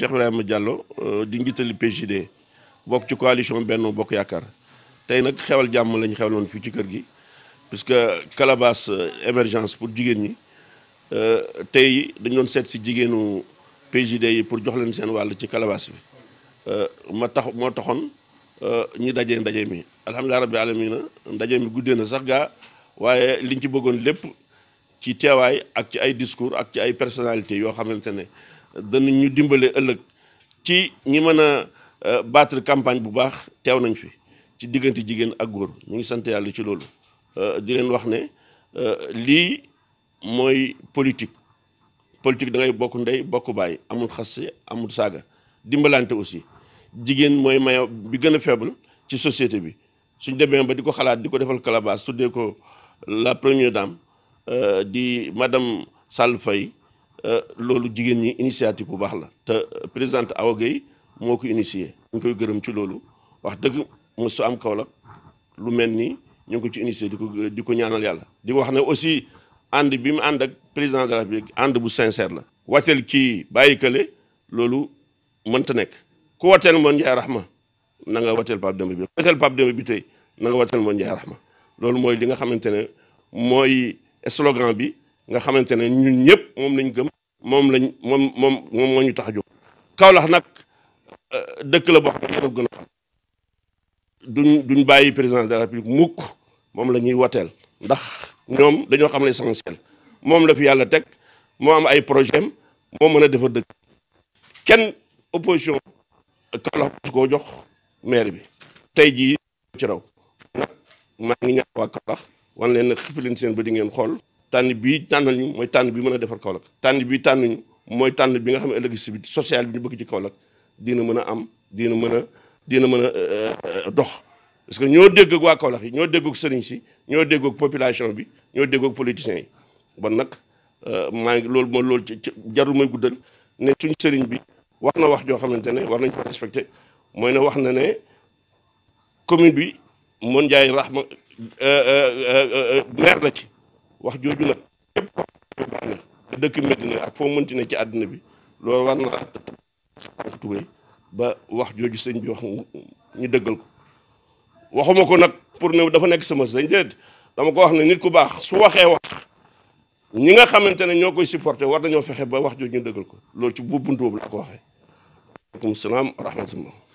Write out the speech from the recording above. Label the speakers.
Speaker 1: Cheikh Ibrahima Diallo euh, di njiitali PJD bokk ci coalition benn Bokk Yaakaar tey nag xewal jàmm lañ xewloon fii ci kër gi puisque calebasse euh, émergence pour jigéen ñi euh, tey dañ doon seet si jigéenu PJD yi pour jox leen seen wàll ci calebasse bi ma tax moo taxoon ñi daje ndaje mi alhamdulilah rabbi alamina ndaje mi guddee na sax gaa waaye liñ ci bëggoon lépp ci teewaay ak ci ay discours ak ci ay personnalités yoo xamante ne danañ ñu dimbale ëllëg ci ñi mën a euh, battre campagne bu baax teew nañ fi ci diggante jigéen ak góor ñu ngi sant yàlla ci loolu euh, di leen wax ne euh, lii mooy politique politique da bokk ndey bokk baay amul xasse amul saaga dimbalante aussi jigéen mooy maillon bi gën a faible ci société bi suñ demee ba di ko xalaat di ko defal calebasse tuddee ko la première dame di madame Sall Faye Euh, loolu jigéen ñi initiative bu baax la te euh, présidente Awa Gueye moo ko initié ñu koy gërëm ci loolu wax dëgg mosu am Kaolack lu mel ni ñu ko ci initié di ko di ko ñaanal yàlla di wax ne aussi ànd bi mu ànd ak président de la République ànd bu sincère la wateel kii bàyyi kële loolu mënta nekk ku wateel moon Ndiaye Rahma na nga wateel Pape Demba bi wateel Pape bi tey na nga wateel moon Ndiaye Rahma loolu mooy li nga xamante ne mooy slogan bi nga xamante ne ñun ñëpp moom lañ gëm moom lañ moom moom moom moo ñu tax a jóg Kaolack nag euh, dëkk la boo xam duñ duñ bàyyi président de la moom la ñuy wateel ndax ñoom dañoo xam l'essentiel moom la fi yàlla teg moo am ay projet am moo mën a defa dëkk kenn opposition Kaolack su koo jox maire bi tey jii ci raw nag maa ngi ñaax waa Kaolack wan leen nag xippi leen seen ba di ngeen xool tànn bii tànnal ñu mooy tànn bi mën a defar Kaolack tànn bii tànn mooy tànn bi nga xam ne ëllëg si bi social ñu bëgg ci Kaolack dina mën a am dina mën a dina mën a euh, euh, dox parce que ñoo dégg ak waa Kaolack yi ñoo dégg ak si ñoo dégg ak bi ñoo dégg ak politiciens yi bon nag euh, maa ngi loolu moo lool ci jarul may guddal ne suñ sëriñ bi wax na wax joo xamante ne war nañ ko respecté mooy ne wax na ne commune bi Mon Ndiaye Rahma maire na ci wax jooju nag képp ko ne dëkk Medina ak foo mënti ne ci àddina bi loolu war na tànk ba wax jooju sëñ bi wax ñu dëggal ko waxuma ko nag pour ne dafa nekk sama sëñ déet dama ko wax ne nit ku baax su waxee wax ñi nga xamante ne ñoo koy supporté war nañoo fexe ba wax jooju ñu dëggal ko loolu ci bu bunt boobu laa ko waxee. waaleykum salaam wa rahmatullah